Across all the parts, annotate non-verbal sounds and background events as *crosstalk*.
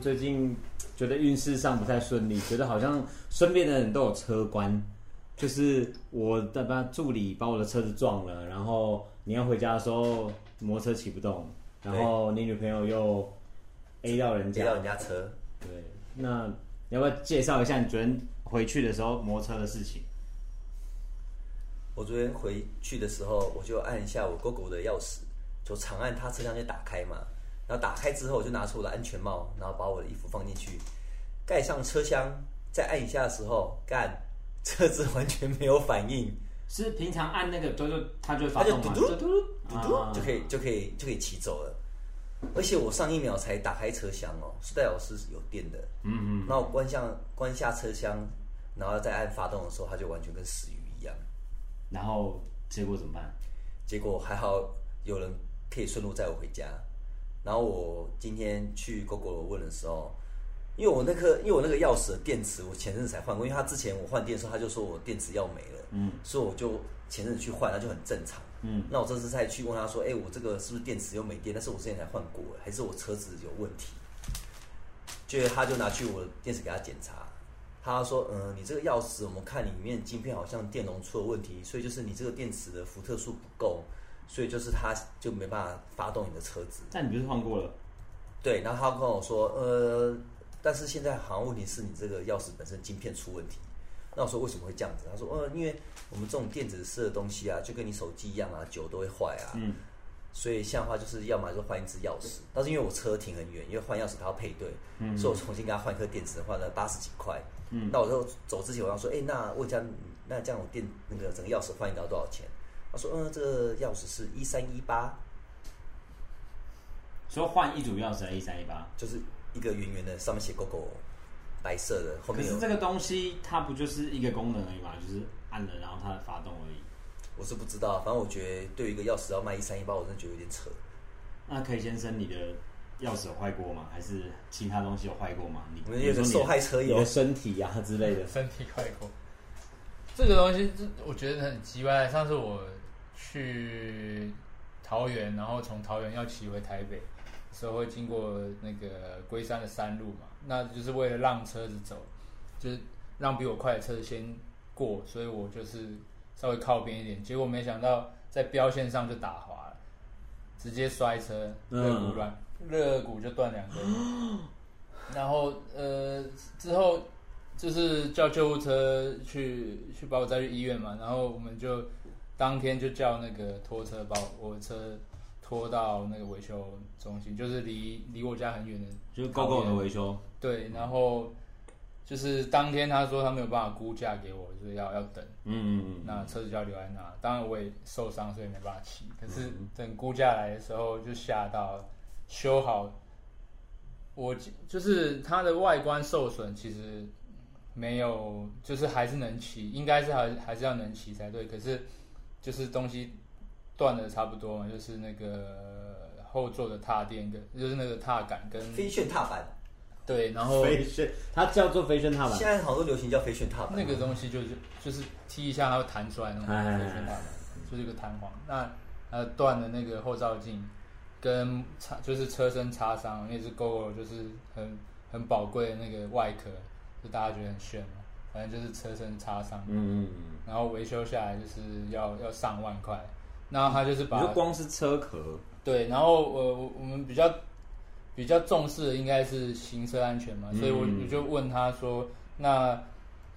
最近覺得運勢上不太順利，覺得好像身邊的人都有車關，就是我的幫助理把我的車子撞了，然後你要回家的時候，摩車騎不動，然後你女朋友又 A 到人家，A 到人家車，對，對。那你要不要介紹一下你昨天回去的時候摩車的事情？我昨天回去的時候，我就按一下我 Gogoro 的鑰匙，就長按它車箱就打開嘛。然後打開之後，我就拿出我的安全帽，然後把我的衣服放進去，蓋上車廂，再按一下的時候，幹，車子完全沒有反應。是，是平常按那個，就就嘟嘟，它就發動嘛？它就嘟嘟嘟嘟，啊就，就可以就可以就可以騎走了。而且我上一秒才打開車廂哦，代表是有電的。嗯嗯哼。那我關下關下車廂，然後再按發動的時候，它就完全跟死魚一樣。然後結果怎麼辦？結果還好，有人可以順路載我回家。然後我今天去 Gogoro 問的時候，因為我那個因為我那個鑰匙的電池我前陣才換過，因為他之前我換電的時候他就說我電池要沒了，嗯，所以我就前陣去換，他就很正常，嗯，那我這次再去問他說，哎、欸，我這個是不是電池又沒電？但是我之前才換過，還是我車子有問題？就他就拿去我的電池給他檢查，他說，嗯、呃，你這個鑰匙我們看裡面晶片好像電容出了問題，所以就是你這個電池的伏特數不夠。所以就是他就沒辦法發動你的車子，那你就是換過了，對。然後他跟我說，呃，但是現在好像問題是你這個鑰匙本身晶片出問題。那我說，為什麼會這樣子？他說，呃，因為我們這種電子式的東西啊，就跟你手機一樣啊，久都會壞啊。嗯。所以現在的話就是要麼就換一支鑰匙，對但是因為我車停很遠，因為換鑰匙它要配對，嗯，所以我重新給他換一顆電池，換了八十幾塊。嗯。那我就走之前我要說，哎、欸，那問一下，那這樣我電那個整個鑰匙換一條多少錢？說，嗯、呃，這鑰匙是一三一八。說，換一組鑰匙還一三一八，就是一個圓圓的，上面寫 GO GO，白色的。後面可是這個東西它不就是一個功能而已嘛，就是按了然後它發動而已。我是不知道，反正我覺得對於一個鑰匙要賣一三一八，我真的覺得有點扯。那 K 先生，你的鑰匙有壞過嗎？還是其他東西有壞過嗎？你的身體呀、啊、之類的，身體壞過。這個東西，這我覺得很奇怪。上次我。去桃園，然後從桃園要騎回台北，時候會經過那個龜山的山路嘛，那就是為了讓車子走，就是讓比我快的車先過，所以我就是稍微靠邊一點，結果沒想到在標線上就打滑了，直接摔車，uh huh. 肋骨斷，肋骨就斷兩根，然後呃之後就是叫救護車去去把我帶去醫院嘛，然後我們就。當天就叫那個拖車把我的車拖到那個維修中心，就是離離我家很遠的，就是 GOGORO 的維修。對，然後就是當天他說他沒有辦法估價給我，就是要要等。嗯嗯嗯。那車子就留在那，當然我也受傷，所以沒辦法騎。可是等估價來的時候，就嚇到修好，我就是它的外觀受損，其實沒有，就是還是能騎，應該是還還是要能騎才對。可是。就是東西斷的差不多嘛，就是那個後座的踏墊跟，就是那個踏桿跟飛旋踏板，對，然後飛旋，它叫做飛旋踏板。現在好多流行叫飛旋踏板。那個東西就是就是踢一下它會彈出來那種唉唉唉唉飛旋踏板，就是一個彈簧。那它斷、呃、的那個後照鏡跟擦，就是車身擦傷，因為是 GOGORO 就是很很寶貴的那個外殼，就大家覺得很炫。反正就是車身擦傷，嗯嗯，然後維修下來就是要要上萬塊，那他就是把光是車殼，對，然後我我、呃、我們比較比較重視的應該是行車安全嘛，所以我我就問他說，嗯、那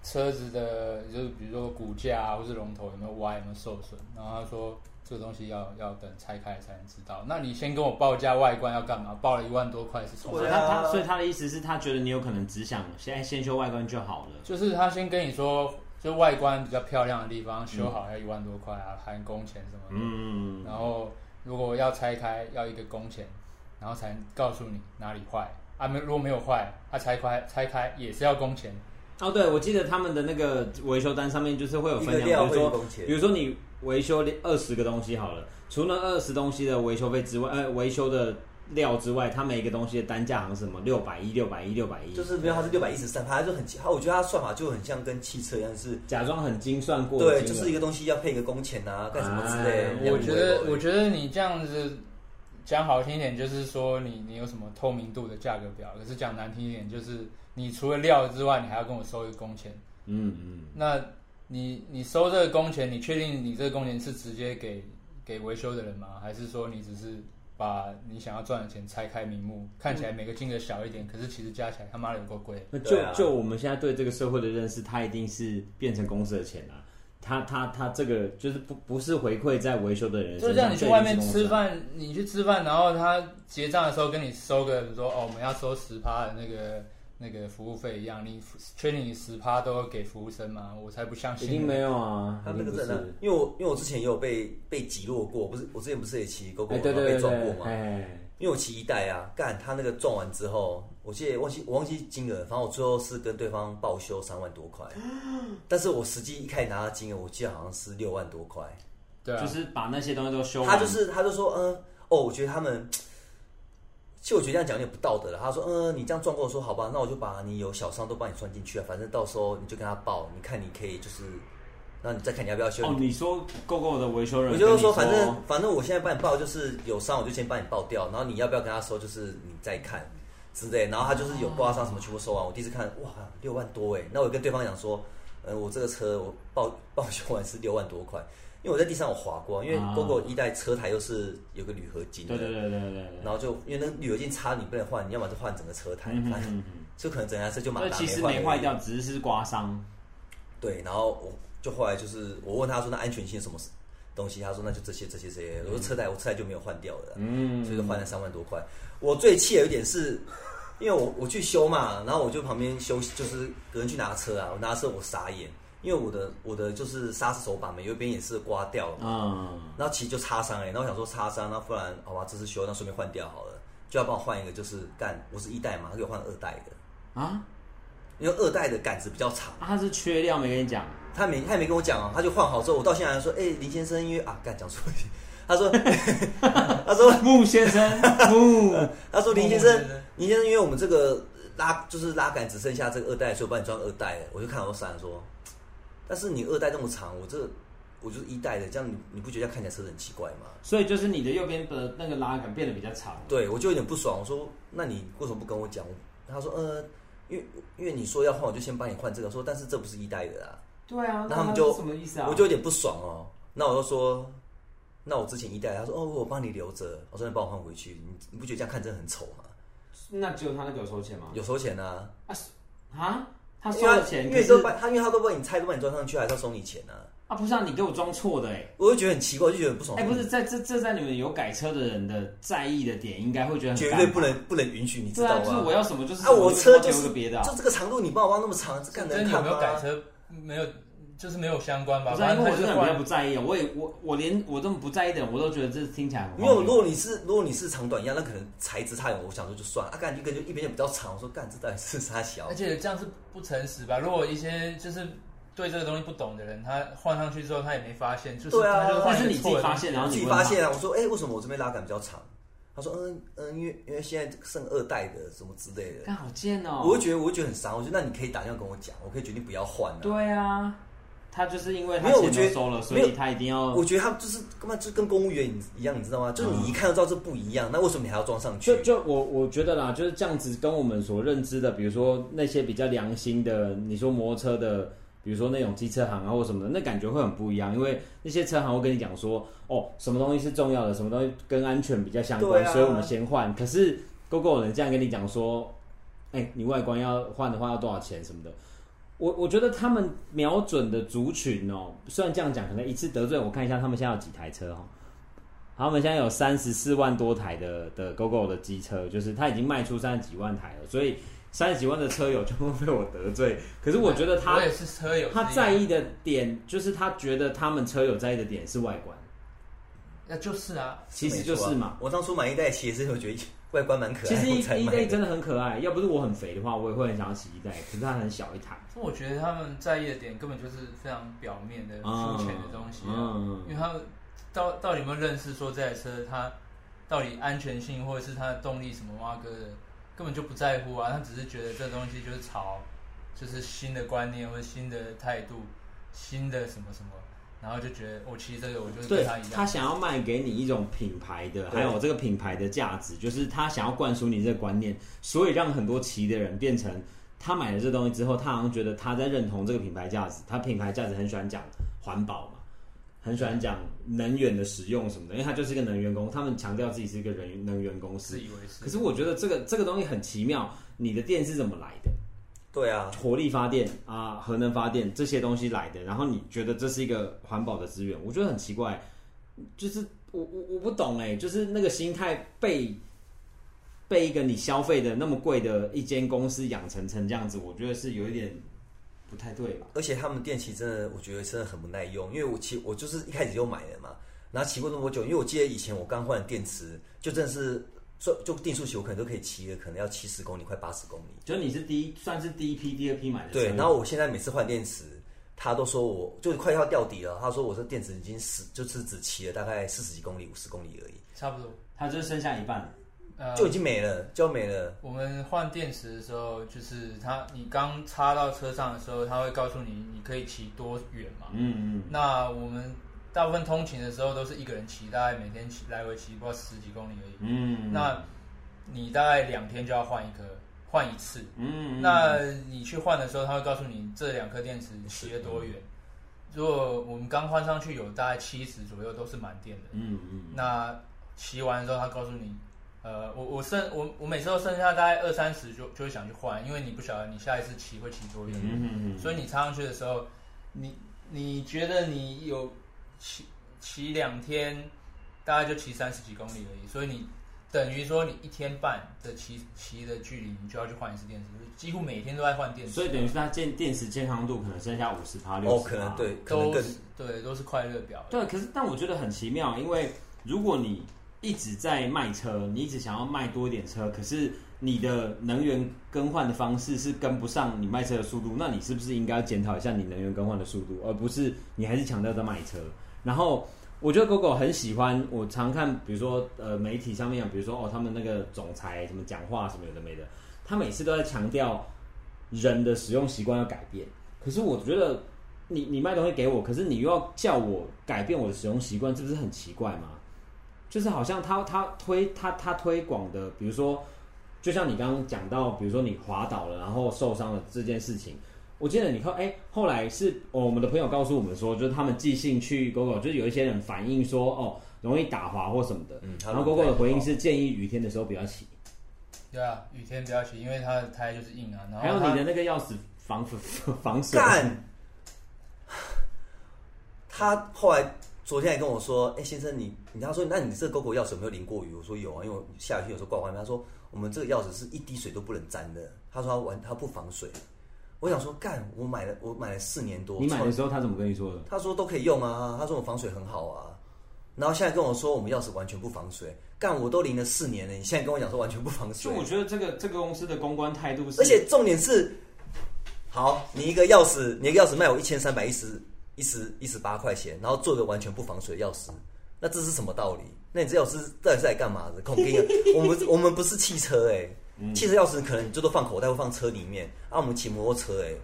車子的就是比如說骨架啊，或是龍頭有沒有歪，有沒有受損？然後他說。這個東西要要等拆開才能知道。那你先跟我報價外觀要幹嘛？報了一萬多塊是什麼？啊、他他所以他的意思是，他覺得你有可能只想現在先先修外觀就好了。就是他先跟你說，就外觀比較漂亮的地方修好要一萬多塊啊，嗯、含工錢什麼的。嗯嗯嗯然後如果要拆開要一個工錢，然後才能告訴你哪裡壞啊？沒如果沒有壞，他、啊、拆開拆開也是要工錢。哦，對，我記得他們的那個維修單上面就是會有分量，比如說，比如說你維修二十個東西好了，除了二十東西的維修費之外，呃，維修的料之外，它每一個東西的單價好像是什麼六百一、六百一、六百一，就是比如，它是六百一十三，它就很，它我覺得它算法就很像跟汽車一樣是假裝很精算過，對，就是一個東西要配一個工錢啊，幹什麼之類的。啊、的我覺得，我覺得你這樣子講好聽一點，就是說你你有什麼透明度的價格表，可是講難聽一點就是。你除了料之外，你還要跟我收一個工錢。嗯嗯。嗯，那你你收這個工錢，你確定你這個工錢是直接給給維修的人嗎？還是說你只是把你想要賺的錢拆開名目，看起來每個金額小一點，嗯、可是其實加起來他媽的有夠貴？那就、啊、就我們現在對這個社會的認識，他一定是變成公司的錢了、啊。他他他這個就是不不是回饋在維修的人身上，就像你去外面吃飯，啊、你去吃飯，然後他結賬的時候跟你收個，比如說哦，我們要收十趴的那個。那個服務費一樣，你確定你十趴都要給服務生嗎？我才不相信，一定沒有啊！他、啊、那個人呢、啊、因為我因為我之前也有被被擠落過，不是我之前不是也騎狗狗都被撞過嗎？欸、嘿嘿因為我騎一代啊，幹他那個撞完之後，我記得忘記我忘記金額，反正我最後是跟對方報修三萬多塊， *coughs* 但是我實際一開始拿到金額，我記得好像是六萬多塊，對、啊，就是把那些東西都修。他就是他就說，嗯，哦，我覺得他們。其實我覺得這樣講有點不道德了。他說：“嗯，你這樣撞過，我說好吧，那我就把你有小傷都幫你算進去啊，反正到時候你就跟他報，你看你可以就是，那你再看你要不要修。哦”你說 GOGORO 的維修人員，我就是說反正反正我現在幫你報，就是有傷我就先幫你報掉，然後你要不要跟他說就是你再看之類，然後他就是有刮傷什麼全部收完。我第一次看哇，六萬多誒，那我跟對方講說：“嗯、呃，我這個車我報報修完是六萬多塊。”因為我在地上我滑過，因為 Gogoro 一代車台又是有個鋁合金的，啊，對對對對，對，對，對然後就因為那鋁合金差，你不能換，你要麼就換整個車台。嗯嗯，可能整台車就其實沒壞掉，只是，是刮傷，對，然後我就後來就是我問他說那安全性什麼東西，他說那就這些這些這些，這些嗯、我說車台，我車台就沒有換掉的，嗯，所以就換了三萬多塊，我最氣的一點是，因為我我去修嘛，然後我就旁邊休息，就是有人去拿車啊，我拿車我傻眼。因為我的我的就是煞車手把嘛，有一邊也是刮掉了嘛，嗯，然後其實就擦傷哎，那我想說擦傷，那不然好吧，這次修那順便換掉好了，就要幫我換一個，就是干我是一代嘛，他給我換二代的啊，因為二代的桿子比較長，啊、他是缺料沒跟你講，他沒他也沒跟我講、哦、他就換好之後，我到現在還說，哎，林先生因為啊，剛講錯題，他說 *laughs* *laughs* 他說木先生木。 *laughs* 他說林先生，木木先生林先生，因為我們這個拉就是拉桿只剩下這個二代，所以我幫你裝二代，我就看我閃說。但是你二代這麼長，我這我就是一代的，這樣你你不覺得這樣看起來車子很奇怪嗎？所以就是你的右邊的那個拉桿變得比較長。對，我就有點不爽，我說那你為什麼不跟我講？他說呃，因為因為你說要換，我就先幫你換這個。我說但是這不是一代的啊。對啊。那他們就什麼意思啊？我就有點不爽哦、喔。那我就說，那我之前一代的，他說哦，我幫你留着。我說你幫我換回去，你你不覺得這樣看真的很醜嗎？那只有他那個有收錢嗎？有收錢啊。啊？啊他收了錢，因為都他因為他都幫把你菜都把你裝上去，還是要收你錢呢、啊。啊，不是啊，你給我裝錯的欸。我就覺得很奇怪，就覺得很不爽。哎，欸、不是，在這這在你們有改車的人的在意的點，應該會覺得絕對不能不能允許你。知道吧、啊。就是我要什麼就是麼啊，我車就是別的、啊，就這個長度你幫我包那麼長，這干你有沒有改車？沒有。就是沒有相關吧，不是反正就我真的比較不在意。我也我我連我這麼不在意的人，我都覺得這聽起來很怪。如果你是如果你是長短一樣，那可能材質差點，我想說就算了啊幹。感覺根就一邊也比較長，我說幹這到底是啥小？而且這樣是不誠實吧？如果一些就是對這個東西不懂的人，他換上去之後他也沒發現，就是、對啊，那是你自己發現，然後你自己發現啊。我說誒、欸、為什麼我這邊拉桿比較長？他說嗯嗯，因為因為現在剩二代的什麼之類的。幹好賤哦、喔！我會覺得我會覺得很傷。我說那你可以打電話跟我講，我可以決定不要換、啊、對啊。他就是因為他錢收了，所以他一定要我。我覺得他就是根本就跟公務員一樣，你知道嗎？就是你一看就知道這不一樣，嗯、那為什麼你還要裝上去？就就我我覺得啦，就是這樣子，跟我們所認知的，比如說那些比較良心的，你說摩托車的，比如說那種機車行啊或什麼的，那感覺會很不一樣，因為那些車行會跟你講說，哦，什麼東西是重要的，什麼東西跟安全比較相關，啊、所以我們先換。可是 Gogoro 人這樣跟你講說，哎、欸，你外觀要換的話要多少錢什麼的？我我覺得他們瞄準的族群哦、喔，雖然這樣講，可能一次得罪。我看一下他們現在有幾台車哦、喔。他們現在有三十四萬多台的的 GOGORO 的機車，就是他已經賣出三十幾萬台了，所以三十幾萬的車友全部被我得罪。可是我覺得他、啊、也是車友，他在意的點就是他覺得他們車友在意的點是外觀。那就是啊，其實就是嘛。是啊、我當初買一代騎的時候覺得。外觀蠻可愛的，其實一，一代真的很可愛。要不是我很肥的話，我也會很想要騎一代。可是它很小一台。我覺得他們在意的點根本就是非常表面的、膚淺、嗯、的東西、啊，嗯嗯因為他們到到底有沒有認識說這台車它到底安全性或者是它的動力什麼哇哥的，根本就不在乎啊。他只是覺得這東西就是潮，就是新的觀念或者新的態度，新的什麼什麼。然後就覺得我、哦、其實這個，我就對他一樣。他想要賣給你一種品牌的，嗯、還有這個品牌的價值，對就是他想要灌輸你這個觀念，所以讓很多騎的人變成，他買了這東西之後，他好像覺得他在認同這個品牌價值。他品牌價值很喜歡講環保嘛，很喜歡講能源的使用什麼的，對因為他就是一個能源公司，他們強調自己是一個人能源公司。自以為是。可是我覺得這個這個東西很奇妙，你的電是怎麼來的？對啊，火力發電啊，核能發電這些東西來的，然後你覺得這是一個環保的資源？我覺得很奇怪，就是我我我不懂哎，就是那個心態被被一個你消費的那麼貴的一間公司養成成這樣子，我覺得是有一點不太對吧？而且他們電器真的，我覺得真的很不耐用，因為我騎，我就是一開始就買了嘛，然後騎過那麼久，因為我記得以前我剛換電池，就真的是。就定速騎我可能都可以騎了，可能要七十公里，快八十公里。就你是第一，算是第一批、第二批買的。對，然後我現在每次換電池，他都說我就快要掉底了。他說我這電池已經死，就是只騎了大概四十幾公里、五十公里而已。差不多，他就剩下一半，就已經沒了，呃、就沒了。我們換電池的時候，就是他，你剛插到車上的時候，他會告訴你你可以騎多遠嘛？嗯嗯。那我們。大部分通勤的時候都是一個人騎，大概每天騎來回騎，不過十幾公里而已。嗯、嗯，那你大概兩天就要換一顆，換一次。嗯、嗯、嗯，那你去換的時候，他會告訴你這兩顆電池騎了多遠。嗯、如果我們剛換上去有大概七十左右都是滿電的。嗯、嗯嗯，那騎完之後他告訴你，呃，我我剩我我每次都剩下大概二三十就，就就會想去換，因為你不曉得你下一次騎會騎多遠。嗯嗯嗯，所以你插上去的時候，你你覺得你有。騎騎兩天，大概就騎三十幾公里而已，所以你等於說你一天半的騎騎的距離，你就要去換一次電池，就是、幾乎每天都在換電池。所以等於說它電電池健康度可能剩下五十趴六十趴，哦、可能對，可都是對，都是快樂表。對，可是但我覺得很奇妙，因為如果你一直在賣車，你一直想要賣多一點車，可是你的能源更換的方式是跟不上你賣車的速度，那你是不是應該要檢討一下你能源更換的速度，而不是你還是強調在賣車？然後我覺得 Google 狗狗很喜歡我常看，比如說呃媒體上面，比如說哦他們那個總裁什麼講話什麼有的沒的，他每次都在強調人的使用習慣要改變。可是我覺得你你賣東西給我，可是你又要叫我改變我的使用習慣，這不是很奇怪嗎？就是好像他他推他他推廣的，比如說就像你剛剛講到，比如說你滑倒了然後受傷了這件事情。我記得你看，哎、欸，後來是、哦、我們的朋友告訴我們說，就是他們寄信去狗狗，就是有一些人反映說，哦，容易打滑或什麼的。嗯，他的 然後狗狗的回應是建議雨天的時候不要騎。對啊，雨天不要騎，因為它的胎就是硬啊。然後還有你的那個鑰匙防防，防水？幹。他後來昨天也跟我說，哎、欸，先生你，你你他說，那你這個狗狗鑰匙有沒有淋過雨？我說有啊，因為我下雨天有時候掛完，他說我們這個鑰匙是一滴水都不能沾的。他說完，他不防水。我想說，幹！我買了，我買了四年多。你買的時候他怎麼跟你說的？他說都可以用啊，他說我防水很好啊，然後現在跟我說我們鑰匙完全不防水。幹！我都淋了四年了，你現在跟我講說完全不防水？就我覺得這個這個公司的公關態度，是。而且重點是，好，你一個鑰匙，你一個鑰匙賣我一千三百一十、一十、一十八塊錢，然後做一個完全不防水的鑰匙，那這是什麼道理？那你這鑰匙到底是來幹嘛的？恐們 *laughs* 我們我們不是汽車哎、欸。汽車鑰匙可能最多放口袋或放車裡面。啊，我們騎摩托車哎、欸，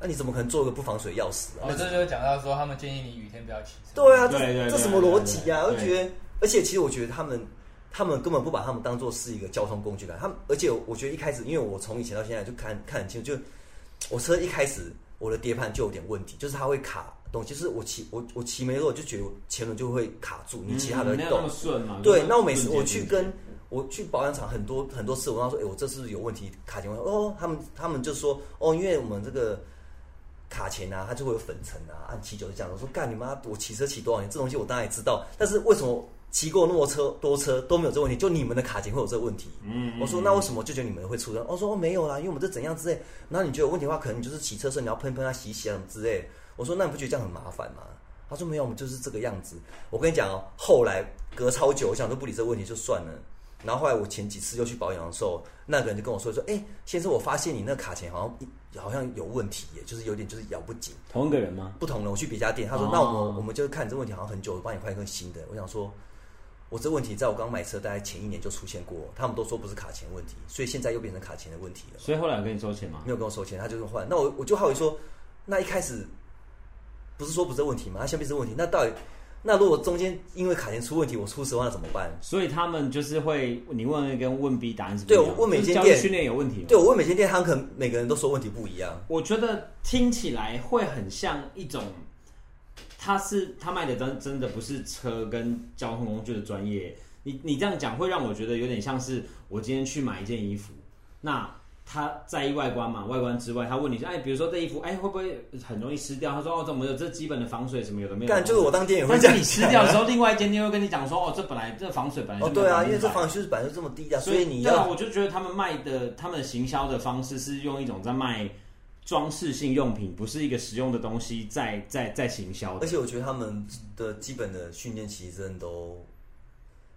那、啊、你怎麼可能做一個不防水的鑰匙、啊？那、哦、這就講到說，他們建議你雨天不要騎車。對啊，對，對,對這什麼邏輯啊？對對對我覺得，而且其實我覺得他們他們根本不把他們當做是一個交通工具來。他們，而且我，我覺得一開始，因為我從以前到現在就看看很清楚，就我車一開始我的碟盤就有點問題，就是它會卡懂西。就是我騎我我騎沒多久，就覺得我前輪就會卡住，你其他的會動。嗯、那麼對，就是，那我每次我去跟。嗯跟我去保養廠很多很多次，我跟他說哎、欸，我這是有問題卡鉗。哦，他們他們就說哦，因為我們這個卡鉗啊，它就會有粉塵啊。按、啊、騎這樣講，我說幹你媽！我騎車騎多少年，這東西我當然也知道。但是為什麼騎過那麼多車、多車都沒有這個問題，就你們的卡鉗會有這個問題？嗯，嗯，嗯我說那為什麼就覺得你們會出？我說、哦、沒有啦，因為我們這怎樣之類。那你覺得有問題的話，可能你就是騎車的時候你要噴噴啊、洗洗啊之類。我說那你不覺得這樣很麻煩嗎？他說沒有，我們就是這個樣子。我跟你講哦、喔，後來隔超久，我想都不理這個問題就算了。然後後來我前幾次又去保養的時候，那個人就跟我說說，哎，先生，我發現你那個卡鉗好像好像有問題耶，就是有點就是咬不緊。同一個人嗎？不同人，我去別家店，他說、哦、那我們我們就看你這問題好像很久，我幫你換一個新的。我想說，我這問題在我剛買車大概前一年就出現過，他們都說不是卡鉗問題，所以現在又變成卡鉗的問題了。所以後來我跟你收錢嗎？沒有跟我收錢，他就是換。那我我就好奇說，那一開始不是說不是這問題嗎？他現在變成問題，那到底？那如果中間因為卡錢出問題，我出事的話怎麼辦？所以他們就是會，你問，問跟，跟問 B 答案是不一樣。對，我問每間店訓練有問題嗎？對，我問每間店，他們可能每個人都說問題不一樣。我覺得聽起來會很像一種，他是他賣的真真的不是車跟交通工具的專業。你你這樣講會讓我覺得有點像是我今天去買一件衣服那。他在意外觀嘛，外觀之外，他問你，哎，比如說這衣服，哎，會不會很容易濕掉？他說哦，這沒有，這基本的防水什麼有的沒有。但就是我當天也會講啊，但是你濕掉的時候，另外一間就會跟你講說，哦，這本來這防水本來就哦對啊，因為這防水是本來就這麼低啊，所以，所以你要對啊，我就覺得他們賣的，他們行銷的方式是用一種在賣裝飾性用品，不是一個實用的東西在，在在在行銷的。而且我覺得他們的基本的訓練其實都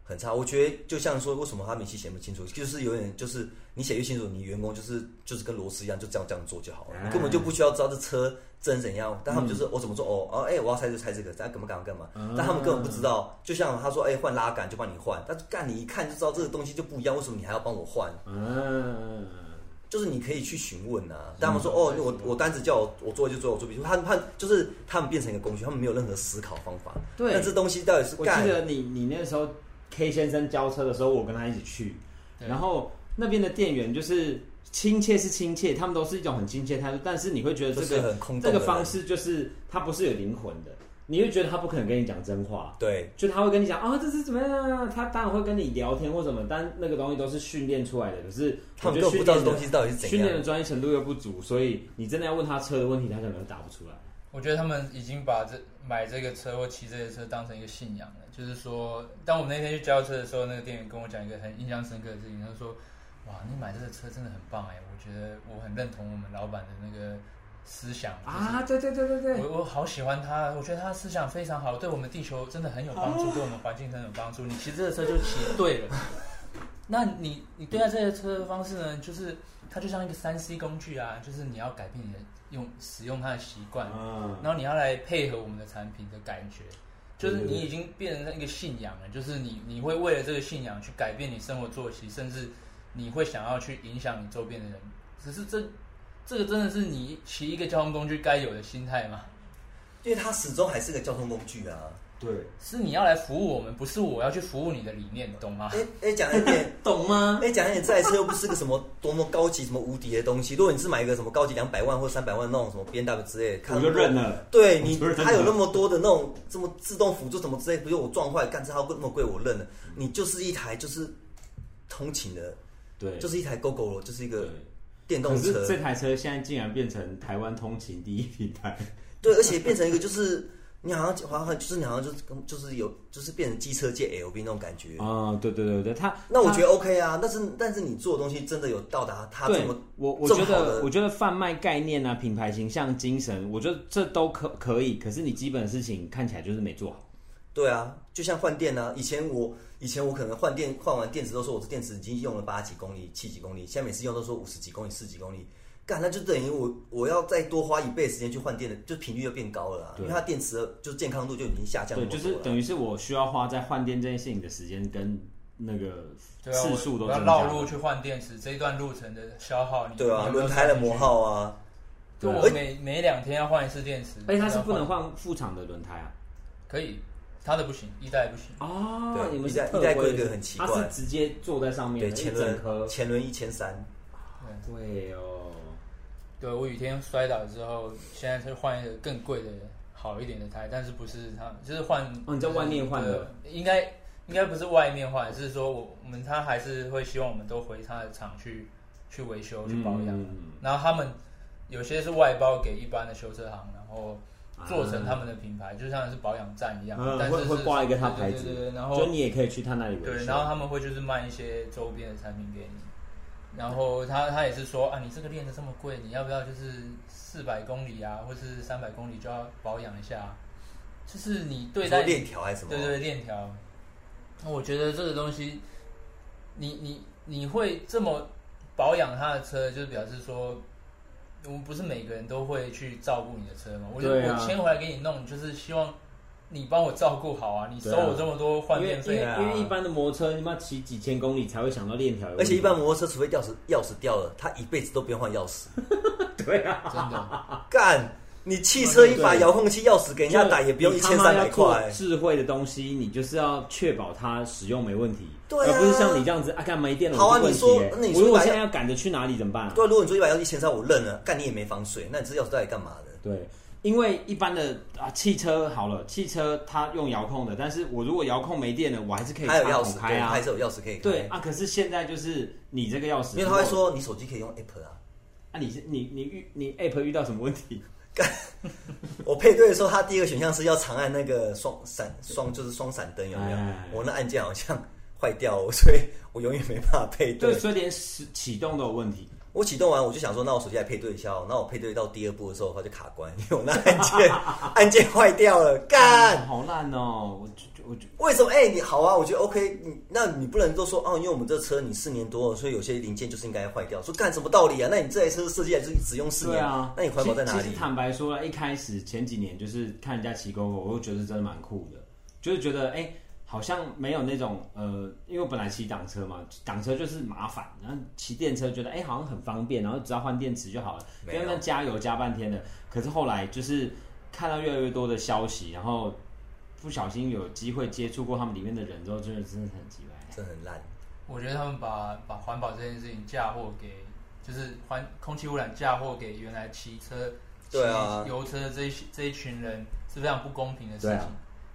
很差，我覺得就像說，為什麼他們寫寫不清楚，就是有點就是你寫不清楚，你員工就是就是跟螺絲一樣，就這樣這樣做就好了，你根本就不需要知道這車真是怎樣。但他們就是、嗯、我怎麼做哦，哦、欸、哎，我要拆就拆這個，該幹嘛幹嘛幹嘛。嗯、但他們根本不知道，就像他說，哎、欸，換拉桿就幫你換，但是幹你一看就知道這個東西就不一樣，為什麼你還要幫我換？嗯，就是你可以去詢問啊。但他們說，哦，我我單子叫我我做就做，我做不就他們他們就是他們變成一個工具，他們沒有任何思考方法。對，但這東西到底是幹，我記得你你那時候。K 先生交車的時候，我跟他一起去，對然後那邊的店員就是親切是親切，他們都是一種很親切態度，但是你會覺得這個很空，這個方式就是他不是有靈魂的，你會覺得他不可能跟你講真話，對，就他會跟你講啊、哦，這是怎麼樣、啊？他當然會跟你聊天或什麼，但那個東西都是訓練出來的，可是我覺得他們都不知道東西到底是怎樣，訓練的專業程度又不足，所以你真的要問他車的問題，他可能答不出來。我覺得他們已經把這。買這個車或騎這個車當成一個信仰的就是說，當我們那天去交車的時候，那個店員跟我講一個很印象深刻的事情，他、就是、說：“哇，你買這個車真的很棒哎，我覺得我很認同我們老闆的那個思想。就是”啊，對對對對對，我我好喜歡他，我覺得他的思想非常好，對我們地球真的很有幫助，哦、對我們環境很有幫助。你騎這個車就騎對了。 *laughs* 那你你對待這些車的方式呢？對就是它就像一個三 C 工具啊，就是你要改變你的用使用它的習慣，嗯、啊，然後你要來配合我們的產品的感覺，就是你已經變成一個信仰了，對對對，就是你你會為了這個信仰去改變你生活作息，甚至你會想要去影響你周邊的人。只是這這個真的是你騎一個交通工具該有的心態嗎？因為它始終還是個交通工具啊。對，是你要來服務我們，不是我要去服務你的理念，懂嗎？哎哎，講一點，懂嗎？哎，講一點，這台車又不是個什麼多麼高級、什麼無敵的東西。如果你是買一個什麼高級兩百萬或三百萬那種什麼 BMW 之類的，我就認了。認了對你，它有那麼多的那種這麼自動輔助什麼之類，比如我撞壞，幹這還會那麼貴，我認了。嗯，你就是一台就是通勤的，對，就是一台 GOGORO，就是一個電動車。這台車現在竟然變成台灣通勤第一品牌，對，而且變成一個就是。 *laughs* 你好像好像就是你好像就是跟就是有就是變成機車界 LV 那種感覺啊，對、嗯、對對對，他那我覺得 O、OK、K 啊，他但是但是你做的東西真的有到達他麼對我麼我覺得我覺得販賣概念啊，、品牌形象、精神，我覺得這都可可以，可是你基本的事情看起來就是沒做好。對啊，就像換電呢、啊，以前我以前我可能換電換完電池都說我這電池已經用了八幾公里、七幾公里，現在每次用都說五十幾公里、四十幾公里。幹那就等於我我要再多花一倍時間去換電的，就頻率又變高了，因為它電池就健康度就已經下降了。對，就是等於是我需要花在換電這件事情的時間跟那個次數都增加。要繞路去換電池，這一段路程的消耗，對啊，輪胎的磨耗啊。就我每每兩天要換一次電池。哎，它是不能換副廠的輪胎啊？可以，它的不行，一代不行。哦，你們一代一代規格很奇怪，它是直接坐在上面，對前輪前輪一千三。對哦。對，我雨天摔倒之後，現在是換一個更貴的、好一點的胎，但是不是他，就是換。哦，你在外面換的？換的應該應該不是外面換，是說我我們他還是會希望我們都回他的廠去去維修去保養。嗯、然後他們有些是外包給一般的修車行，然後做成他們的品牌，啊、就像是保養站一樣，啊、但是,是會掛一個他牌子。對對對對然後，就你也可以去他那裡維修。然後他們會就是賣一些周邊的產品給你。然後他他也是說啊，你這個鏈子這麼貴，你要不要就是四百公里啊，或者是三百公里就要保養一下？就是你對待你鏈條還是什麼？對對，鏈條。我覺得這個東西，你你你會這麼保養他的車，就表示說，我們不是每個人都會去照顧你的車嗎？啊、我覺得我牽回來給你弄，就是希望你幫我照顧好啊！你收我這麼多換鏈費啊，啊因為因為！因為一般的摩托車，你媽騎幾千公里才會想到鏈條。而且一般摩托車，除非鑰匙鑰匙掉了，它一輩子都不用換鑰匙。 *laughs* 對啊，真的幹，你汽車一把遙控器鑰匙給人家打，也不用一千三百塊。要智慧的東西，你就是要確保它使用沒問題，對啊、而不是像你這樣子啊，幹沒電了好啊，你說，你、欸、如果現在要趕着去哪裡怎麼辦啊？對，如果你說一把遙控器一千三，我認了。幹，你也沒防水，那你這鑰匙到底幹嘛的？對。因為一般的啊汽車好了，汽車它用遙控的，但是我如果遙控沒電了，我還是可以插、啊、有鑰匙開啊，還是有鑰匙可以開對啊。可是現在就是你這個鑰匙，因為他會說你手機可以用 App 啊，那、啊、你是你你遇你，你 App 遇到什麼問題？幹，我配對的時候，他第一個選項是要長按那個雙 *laughs* 閃雙就是雙閃燈有沒有？哎哎哎我那按鍵好像壞掉、哦，所以我永遠沒辦法配對，對，所以連啟啟動都有問題。我啟動完，我就想說，那我手機來配對一下。那我配對到第二步的時候，它就卡關，因為我那按鍵按鍵壞掉了。幹、哎，好爛哦！我就就我就為什麼？哎、欸，你好啊，我覺得 OK 你。你那你不能都說哦、啊，因為我們這車你四年多了，所以有些零件就是應該壞掉。說幹什麼道理啊？那你這台車設計還是只用四年？啊，那你環保在哪裡？其實坦白說，一開始前幾年就是看人家騎 GOGORO 我就覺得真的蠻酷的，就是覺得哎。欸好像沒有那種呃，因為我本來騎擋車嘛，擋車就是麻煩。然後騎電車覺得哎、欸，好像很方便，然後只要換電池就好了，不用有加油加半天的。可是後來就是看到越來越多的消息，然後不小心有機會接觸過他們裡面的人之後，真、就、的、是、真的很奇怪，真的很爛。我覺得他們把把環保這件事情嫁禍給，就是環空氣污染嫁禍給原來騎車、騎、啊、油車的這一這一群人是非常不公平的事情。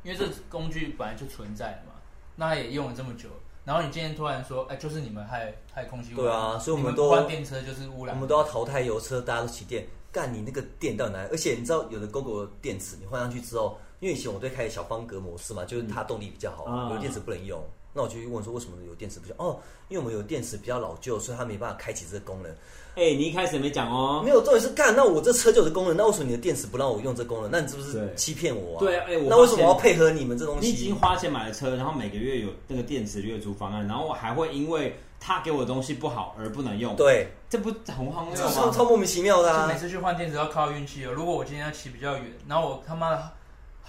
因為這工具本來就存在嘛，那也用了這麼久。然後你今天突然說，哎，就是你們害害空氣污染，對啊，所以我們都換電車，就是污染，我們都要淘汰油車，大家都騎電。幹你那個電到哪？而且你知道，有的 Gogoro 電池你換上去之後，因為以前我對開小方格模式嘛，就是它動力比較好，嗯、有的電池不能用。嗯那我就去問說，為什麼有電池不行？哦，因為我們有電池比較老舊，所以他沒辦法開啟這個功能。哎、欸，你一開始也沒講哦。沒有，重點是幹，那我這車就有這功能，那為什麼你的電池不讓我用這功能，那你是不是欺騙我、啊？對啊，哎、欸，我那為什麼要配合你們這東西？你已經花錢買了車，然後每個月有那個電池月租方案，然後我還會因為他給我的東西不好而不能用？對，這不很荒謬嗎？超莫名其妙的、啊。每次去換電池要靠運氣了。如果我今天要騎比較遠，然後我他媽的。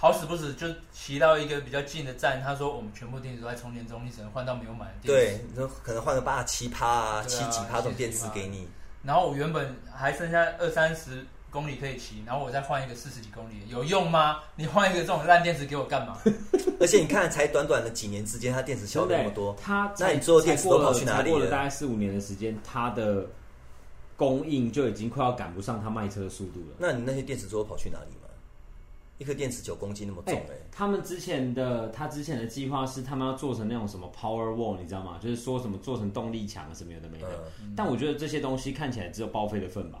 好死不死就騎到一個比較近的站，他說我們全部電池都在充電中，你只能換到沒有滿的電池。對，你說可能換個八、七趴啊、七幾趴這種電池給你。然後我原本還剩下二三十公里可以騎，然後我再換一個四十幾公里，有用嗎？你換一個這種爛電池給我幹嘛？ *laughs* 而且你看，才短短的幾年之間，它電池少了那麼多。 *laughs* 對對它，那你最後電池都跑去哪裡了？過了大概四五年的時間，它的供應就已經快要趕不上它賣車的速度了。那你那些電池後跑去哪裡？一顆電池九公斤那麼重哎、欸欸，他們之前的他之前的計劃是他們要做成那種什麼 power wall，你知道嗎？就是說什麼做成動力牆什麼樣的沒的，嗯、但我覺得這些東西看起來只有報廢的份吧。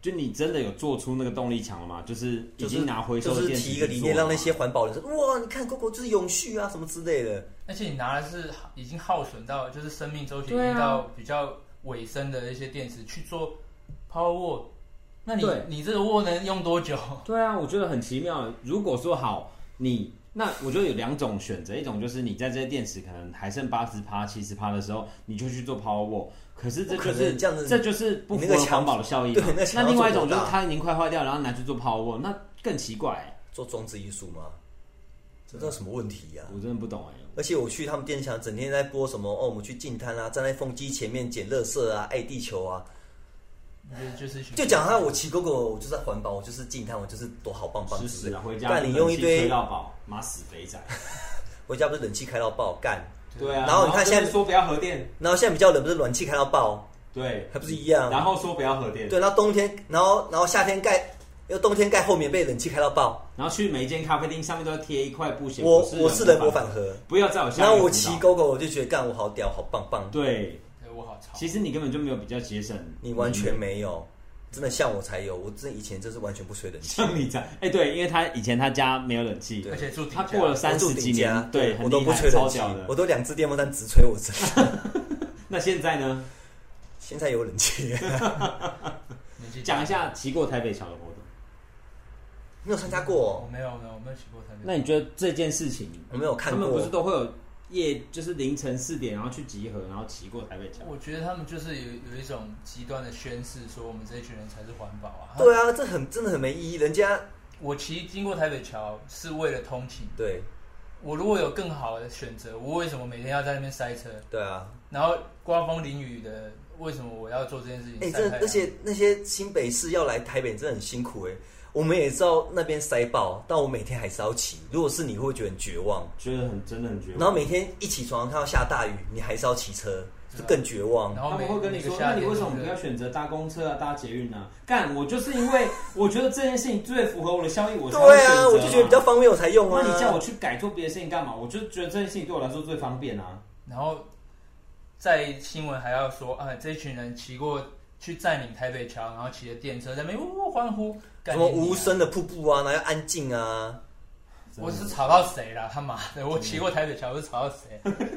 就你真的有做出那個動力牆了嗎？就是已經拿回收的電池了、就是就是、提一個理念，讓那些環保人士，哇，你看，GOGORO 就是永續啊什麼之類的。而且你拿的是已經耗損到就是生命周期用、啊、到比較尾聲的那些電池去做 power wall。那你對你這個握能用多久？對啊，我覺得很奇妙。如果說好，你那我覺得有兩種選擇，一種就是你在這些電池可能還剩八十趴、七十趴的時候，你就去做 power wall。可是這就是可這,這就是不符合環保的效益那,那另外一種就是它已經快壞掉然後拿去做 power wall，那更奇怪、欸，做裝置藝術嗎？這叫什麼問題呀、啊嗯？我真的不懂哎、欸。而且我去他們店家，整天在播什麼哦，我們去淨灘啊，站在風機前面撿垃圾啊，愛地球啊。就講他，我騎狗狗，我就在環保，我就是低碳，我就是多好棒棒。是的，回家冷氣吹到爆，媽死肥仔！回家不是冷氣開到爆，幹。對啊。然後你看現在說不要核電，然後現在比較冷，不是暖氣開到爆？對，還不是一樣？然後說不要核電。對，那冬天，然後然後夏天蓋，又冬天蓋厚棉被，冷氣開到爆。然後去每一間咖啡廳上面都要貼一塊布，寫我我是人我反核不要再我下。然後我騎狗狗，我就覺得幹我好屌好棒棒。對。其實你根本就沒有比較節省，你完全沒有，真的像我才有，我真以前真是完全不吹冷氣，像你這哎，對，因為他以前他家沒有冷氣，而且他過了三十幾年，對，我都不吹冷氣，我都兩次電風扇直吹我這。那現在呢？現在有冷氣。講一下騎過台北橋的活動，沒有參加過，我沒有呢，我沒有騎過台北。那你覺得這件事情，我沒有看過，他們不是都會有？夜、yeah, 就是凌晨四點，然後去集合，然後騎過台北橋。我覺得他們就是有有一種極端的宣示，說我們這群人才是環保啊。對啊，這很真的很沒意義。人家我騎經過台北橋是為了通勤。對，我如果有更好的選擇，我為什麼每天要在那邊塞車？對啊，然後颳風淋雨的，為什麼我要做這件事情塞、欸？哎，塞那些那些新北市要來台北真的很辛苦哎、欸。我們也知道那邊塞爆，但我每天還是要騎。如果是你，會覺得很絕望，覺得很真的很絕望。然後每天一起床看到下大雨，你還是要騎車，啊、就更絕望。然後他們會跟你說：“那你為什麼不要選擇搭公車啊，搭捷運呢、啊？”幹，我就是因為我覺得這件事情最符合我的效益，我才會選擇、 *laughs* 啊、我就覺得比較方便，我才用啊。那你叫我去改做別的事情幹嘛？我就覺得這件事情對我來說最方便啊。然後在新聞還要說啊，這一群人騎過。去佔領台北橋，然後騎着電車在那邊嗚嗚歡呼，啊、什麼無聲的瀑布啊，那要安靜啊？啊我是吵到誰啦？他媽的，我騎過台北橋，耶我是吵到誰？耶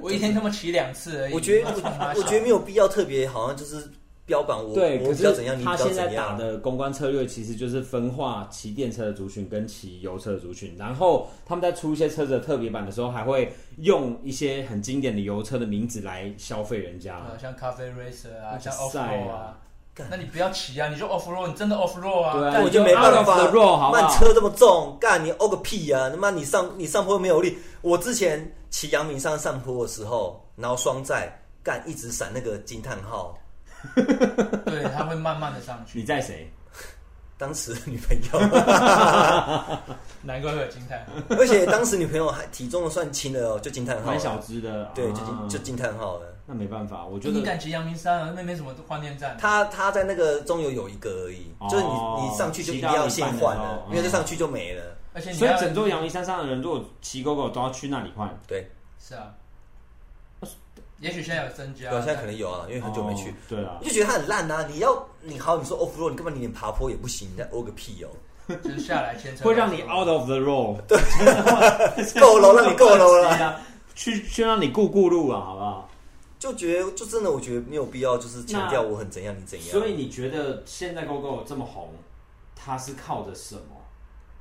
我一天他媽騎兩次而已， *laughs* 我覺得我我覺得沒有必要特別，好像就是。標榜我，對，可是，你現在打的公關策略其實就是分化騎電車的族群跟騎油車的族群，然後他們在出一些車子的特別版的時候，還會用一些很經典的油車的名字來消費人家，像咖啡 racer 啊，像 off road 啊，那你不要騎啊，你就 off road，你真的 off road 啊？對啊，你就好不好，我就沒辦法，好不好慢車這麼重，幹你哦個屁呀！他媽，你上你上坡又沒有力？我之前騎陽明山上坡的時候，然後雙載幹一直閃那個驚嘆號。對，他會慢慢的上去。你在誰？當時的女朋友，難怪會有驚嘆。而且當時女朋友還體重算輕的哦，就驚嘆號。蠻小只的，對，就就驚嘆號了。那沒辦法，我覺得你敢騎陽明山啊？那邊什麼都換電站？他他在那個中油有一個而已，就是你你上去就一定要先換了，因為這上去就沒了。而且所以整座陽明山上的人，如果騎狗狗都要去那裡換。對，是啊。也許現在有增加。對，現在可能有啊，因為很久沒去，哦、對啊，就覺得它很爛吶、啊。你要你好，你說 off road，你根本你連爬坡也不行，你在歐個屁哦！就是下來全程會讓你 out of the road，對，夠 *laughs* *laughs* 了讓啦 *laughs* 你夠樓了， *laughs* 去去讓你過過路啊，好不好？就覺得就真的，我覺得沒有必要，就是強調我很怎樣，那你怎樣。所以你覺得現在 GoGo 這麼紅，它是靠着什麼？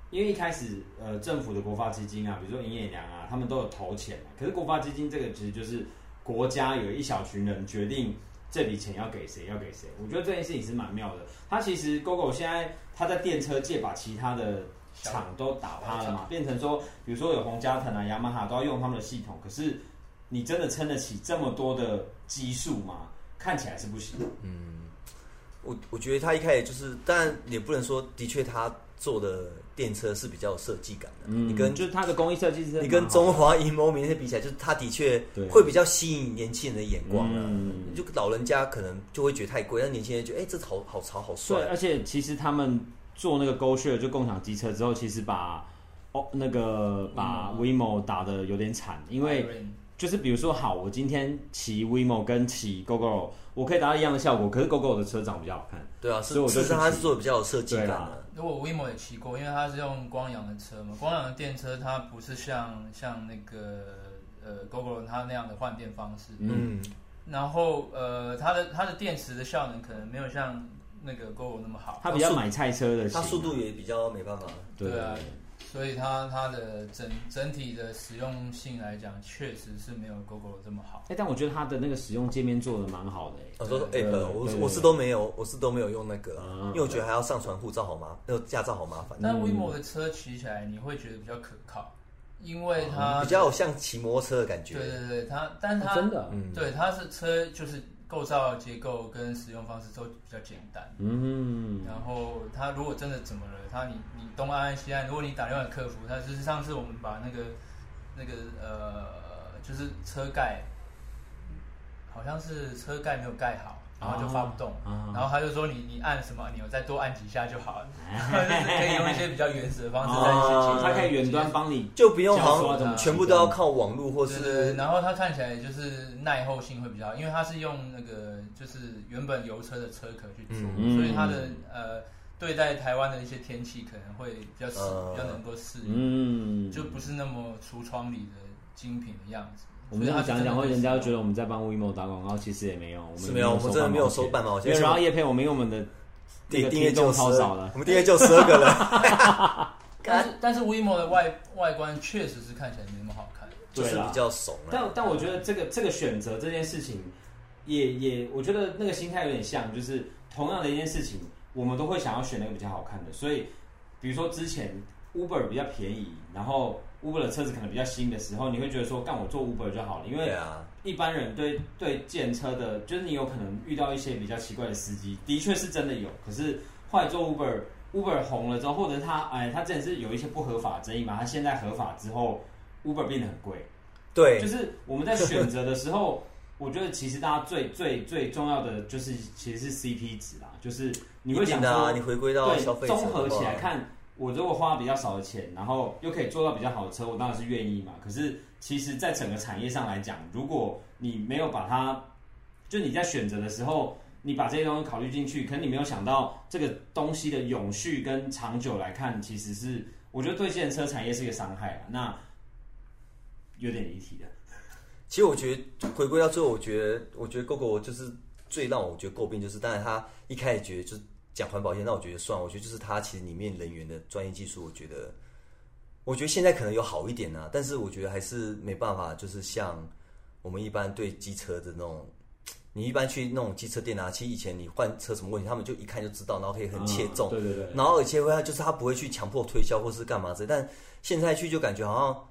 因為一開始呃，政府的國發基金啊，比如說營業糧啊，他們都有投錢、啊。可是國發基金這個其實就是。國家有一小群人決定這筆錢要給誰，要給誰？我覺得這件事情是蠻妙的。他其實 Gogoro 現在他在電車界把其他的廠都打趴了嘛，變成說，比如說有宏佳騰啊、雅馬哈都要用他們的系統。可是你真的撐得起這麼多的基數嗎？看起來是不行的。嗯，我我覺得他一開始就是，但也不能說，的確他做的。電車是比較有設計感的，嗯、你跟就是它的工藝設計的，你跟中華 eMOVING、嗯、那些比起來，就是它的確會比較吸引年輕人的眼光。嗯，對就老人家可能就會覺得太貴，但年輕人就覺得哎、欸，這好好潮，好帥。而且其實他們做那個 GoShare 就共享機車之後，其實把哦那個把 WeMo 打得有點慘，嗯、因為就是比如說，好，我今天騎 WeMo 跟騎 GoGo，我可以達到一樣的效果，可是 GoGo 的車長比較好看。對啊，所以我其實它是做的比較有設計感的。我威猛也騎過，因為它是用光陽的車嘛，光陽的電車它不是像像那個呃 GoGo 它那樣的換電方式，嗯，嗯，然後呃它的它的電池的效能可能沒有像那個 GoGo 那麼好，它比較買菜車的，它速度也比較沒辦法，對啊。所以它它的整整體的實用性來講，確實是沒有 GOGO 這麼好。哎，但我覺得它的那個使用界面做的蠻好的。很多 App 我是我是都沒有，我是都沒有用那個，嗯、因為我覺得還要上傳護照好麻煩，那個對駕照好麻煩。但 Vivo 的車騎起來你會覺得比較可靠，因為它、嗯嗯、比較像騎摩托車的感覺。對對對，它，但它、哦、真的，對它是車就是。構造結構跟使用方式都比較簡單，嗯，然後它如果真的怎麼了，它你你東按西按，如果你打電話客服，他就是上次我們把那個那個呃，就是車蓋，好像是車蓋沒有蓋好。然後就發不動，哦哦、然後他就說，你你按什麼按鈕，你再多按幾下就好了。可以用一些比較原始的方式。但是他可以遠端幫你，就不用什麼全部都要靠網絡或是。嗯嗯就是，然後它看起來就是耐候性會比較好，因為它是用那個就是原本油車的車殼去做，嗯、所以它的呃對待台灣的一些天氣可能會比較適，呃、比較能夠適應，嗯、就不是那麼櫥窗裡的精品的樣子。我們要講一講，或人家覺得我們在幫 WeMo 打廣告，其實也沒有。我們沒有是沒有，我們真的沒有收半毛錢。因為然後業配，我們用我們的這個的訂閱就超少了，我們訂閱就十二個了。 *laughs* *laughs* 但是但是 WeMo 的外外觀確實是看起來沒那麼好看，對啦就是比較慫了、啊。但但我覺得這個這個選擇這件事情也，也也我覺得那個心態有點像，就是同樣的一件事情，我們都會想要選那個比較好看的。所以比如說之前 Uber 比較便宜，然後。Uber 的車子可能比較新的時候，你會覺得說，幹我做 Uber 就好了，因為一般人對對計程車的，就是你有可能遇到一些比較奇怪的司機，的確是真的有。可是後來做 Uber，Uber 紅了之後，或者他哎，他之前是有一些不合法的爭議嘛？他現在合法之後，Uber 變得很貴。對，就是我們在選擇的時候， *laughs* 我覺得其實大家最最最重要的就是其實是 CP 值啦，就是你會想說、啊、你回歸到綜合起來看。我如果花比較少的錢，然後又可以坐到比較好的車，我當然是願意嘛。可是，其實，在整個產業上來講，如果你沒有把它，就你在選擇的時候，你把這些東西考慮進去，可能你沒有想到這個東西的永續跟長久來看，其實是我覺得對現車產業是一個傷害啊。那有點離題了。其實，我覺得回歸到最後，我覺得，我覺得 Gogoro 就是最讓我覺得詬病，就是，但是他一開始覺得就講環保一些，那我覺得算。我覺得就是他其實裡面人員的專業技術，我覺得，我覺得現在可能有好一點啊，但是我覺得還是沒辦法，就是像我們一般對機車的那種，你一般去那種機車店啊，其實以前你換車什麼問題，他們就一看就知道，然後可以很切中、啊，對對對，然後而且會就是他不會去強迫推銷或是幹嘛之類的，但現在去就感覺好像，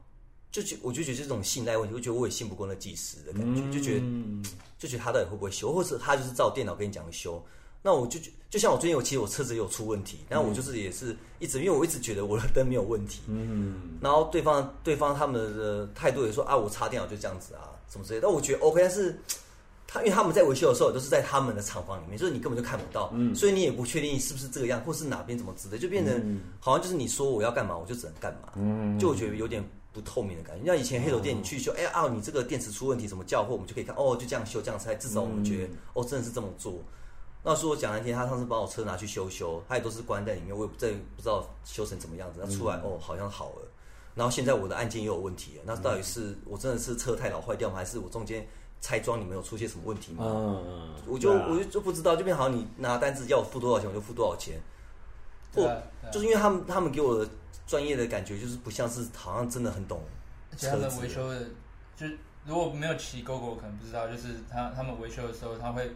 就覺我就覺得這種信賴問題，我覺得我也信不過那技師的感覺，嗯、就覺得就覺得他到底會不會修，或是他就是照電腦跟你講修。那我就就就像我最近我其實我車子也有出問題，然後我就是也是一直因為我一直覺得我的燈沒有問題，嗯哼，然後對方對方他們的態度也說啊，我插電腦就這樣子啊，什麼之類的，那我覺得 OK，但是他因為他們在維修的時候都是在他們的廠房裡面，所以、就是你根本就看不到，嗯，所以你也不確定是不是這個樣，或是哪邊怎麼直的，就變成、嗯、哼好像就是你說我要幹嘛，我就只能幹嘛，嗯哼，就我覺得有點不透明的感覺。你像以前黑手店你去修，哦、哎啊，你這個電池出問題怎麼叫貨，或我們就可以看哦，就這樣修這樣拆，至少我們覺得、嗯、哼哦真的是這麼做。那說我講那天，他上次把我車拿去修修，他也都是關在裡面，我也不不知道修成怎麼樣子。他、嗯、出來哦，好像好了。然後現在我的按鍵又有問題了，那到底是、嗯、我真的是車太老壞掉嗎？還是我中間拆裝裡面有出現什麼問題嗎？嗯嗯，嗯我就、啊、我就就不知道這邊，好像你拿單子要我付多少錢，我就付多少錢。不、啊啊、就是因為他們他們給我的專業的感覺，就是不像是好像真的很懂車。他們維修的，就如果沒有騎 GOGORO 我可能不知道，就是他他們維修的時候他會。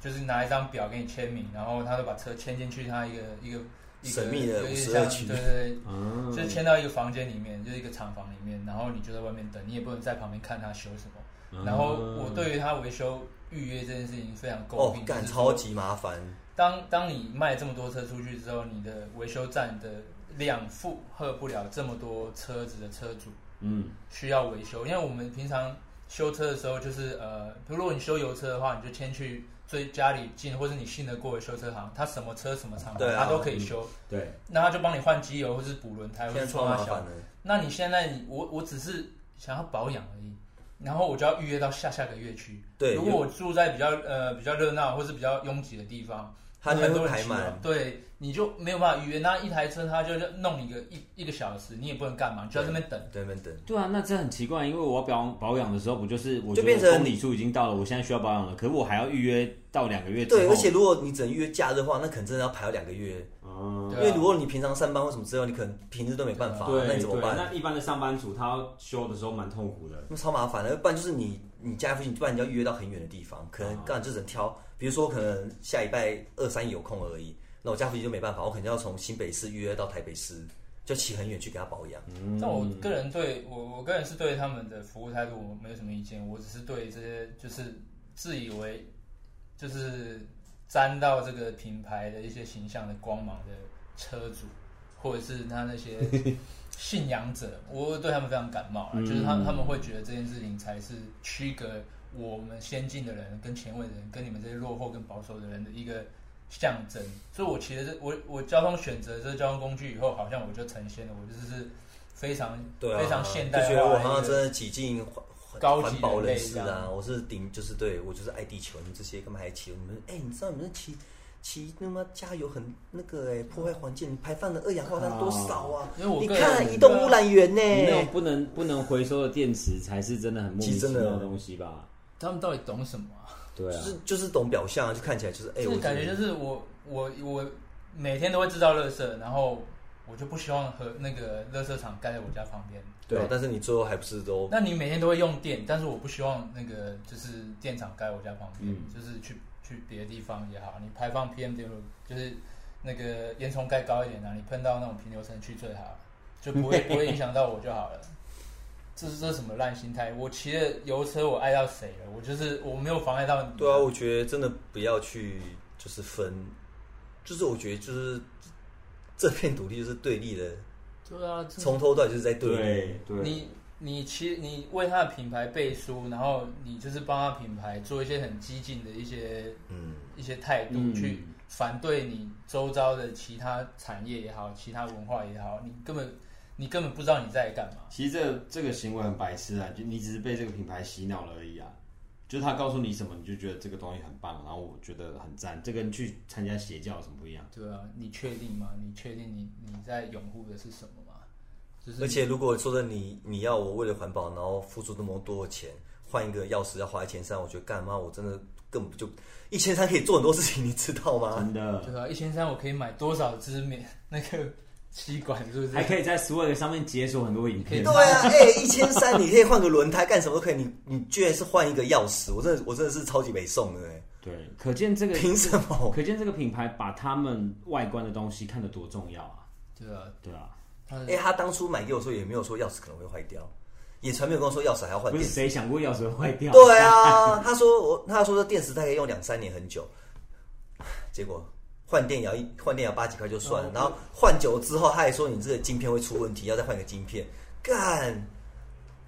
就是拿一張表給你簽名，然後他就把車牽進去，他一個一個一個神秘的，對對對，嗯、就是，牽到一個房間裡面，就是一個廠房裡面，然後你就在外面等，你也不能在旁邊看他修什麼。然後我對於他維修預約這件事情非常詬病，感覺、哦、幹、超級麻煩。當當你賣這麼多車出去之後，你的維修站的量負荷不了這麼多車子的車主，嗯，需要維修。因為我們平常修車的時候，就是呃，如，如果你修油車的話，你就牽去。所以家裡近或者你信得過的修車行，他什麼車什麼廠，他都可以修。對，那他就幫你換機油，或是補輪胎，或者是做保養。那你現在我，我我只是想要保養而已，然後我就要預約到下下個月去。對，如果我住在比較呃比較熱鬧，或是比較擁擠的地方。它全都排滿。啊、對，你就沒有辦法預約。那一台車，它就弄你一個一一,一個小時，你也不能幹嘛，就在那邊等。對，那邊等。對啊，那真的很奇怪，因為我要保養保養的時候，不就是我就變成公里數已經到了，我現在需要保養了，可是我還要預約到兩個月。對，而且如果你只預約假日的話，那可能真的要排到兩個月。嗯、因為如果你平常上班或什麼之後，你可能平日都沒辦法，對那你怎麼辦？那一般的上班族他要修的時候蠻痛苦的，那超麻煩的。不然就是你。你家附近不然你要預約到很遠的地方，可能剛才就只能挑，哦、比如說我可能下禮拜二三有空而已，那我家附近就沒辦法，我肯定要從新北市預約到台北市，就騎很遠去給他保養。那、嗯、我個人對我我個人是對他們的服務態度我沒有什麼意見，我只是對這些就是自以為就是沾到這個品牌的一些形象的光芒的車主，或者是他那些。 *laughs* 信仰者，我對他們非常感冒，嗯、就是他他們會覺得這件事情才是區隔我們先進的人跟前衛的人，跟你們這些落後跟保守的人的一個象徵。所以，我其實是我我交通選擇這交通工具以後，好像我就成仙了我，我就是非常對、啊、非常現代化，就覺得我好像真的擠進環環保人士啊，我是頂，就是對我就是愛地球，你們這些幹嘛還騎？我們哎、欸，你知道你們騎？其，那麼加油很那個誒、欸，破壞環境，排放的二氧化碳多少啊？Oh, 你看因為我移動污染源呢、欸？你那種不能不能回收的電池才是真的很莫名其妙的東西吧？他們到底懂什麼、啊？就是、對啊，就是就是懂表象，就看起來就是哎，我感覺就是我我我每天都會製造垃圾，然後我就不希望和那個垃圾場蓋在我家旁邊。對，對，但是你最後還不是都？那你每天都會用電，但是我不希望那個就是電廠蓋我家旁邊，嗯、就是去。去別的地方也好，你排放 PM 二就是那個煙囪蓋高一點啊，你噴到那種平流層去最好，就不會不會影響到我就好了。 *laughs* 這是這是什麼爛心態？我騎着油車我礙到誰了？我就是我沒有妨礙到你。對啊，我覺得真的不要去就是分，就是我覺得就是這片土地就是對立的。對啊，從頭到尾就是在對立。對對你。你其實你為他的品牌背書，然後你就是幫他品牌做一些很激進的一些，嗯，一些態度去反對你周遭的其他產業也好，嗯，其他文化也好，你根本你根本不知道你在幹嘛。其實這這個行為很白痴啊，就你只是被這個品牌洗腦了而已啊，就他告訴你什麼你就覺得這個東西很棒，然後我覺得很贊，這跟去參加邪教有什麼不一樣？對啊，你確定嗎？你確定你你在擁護的是什麼？就是、而且如果說的你，你要我為了環保，然後付出那麼多錢換一個鑰匙，要花一千三，我覺得幹嘛？我真的根本就一千三可以做很多事情，你知道嗎？真的對啊，一千三我可以買多少支免那個吸管，是不是？還可以在 Switch 在 上面解鎖很多影片。對啊，哎、欸，一千三你可以換個輪胎，幹 *laughs* 什麼都可以。你你居然是換一個鑰匙，我真的我真的是超級沒送的哎。對，可見這個憑什麼？可見這個品牌把他們外觀的東西看得多重要啊？對啊，對啊。哎、欸，他當初買給我時候也沒有說鑰匙可能會壞掉，也從來沒有跟我說鑰匙還要換。不是誰想過鑰匙會壞掉？對啊， *laughs* 他說我，他說這電池大概用兩三年很久，結果換電要，一換電要八幾塊就算了，嗯、然後換久了之後，他還說你這個晶片會出問題，要再換個晶片。幹，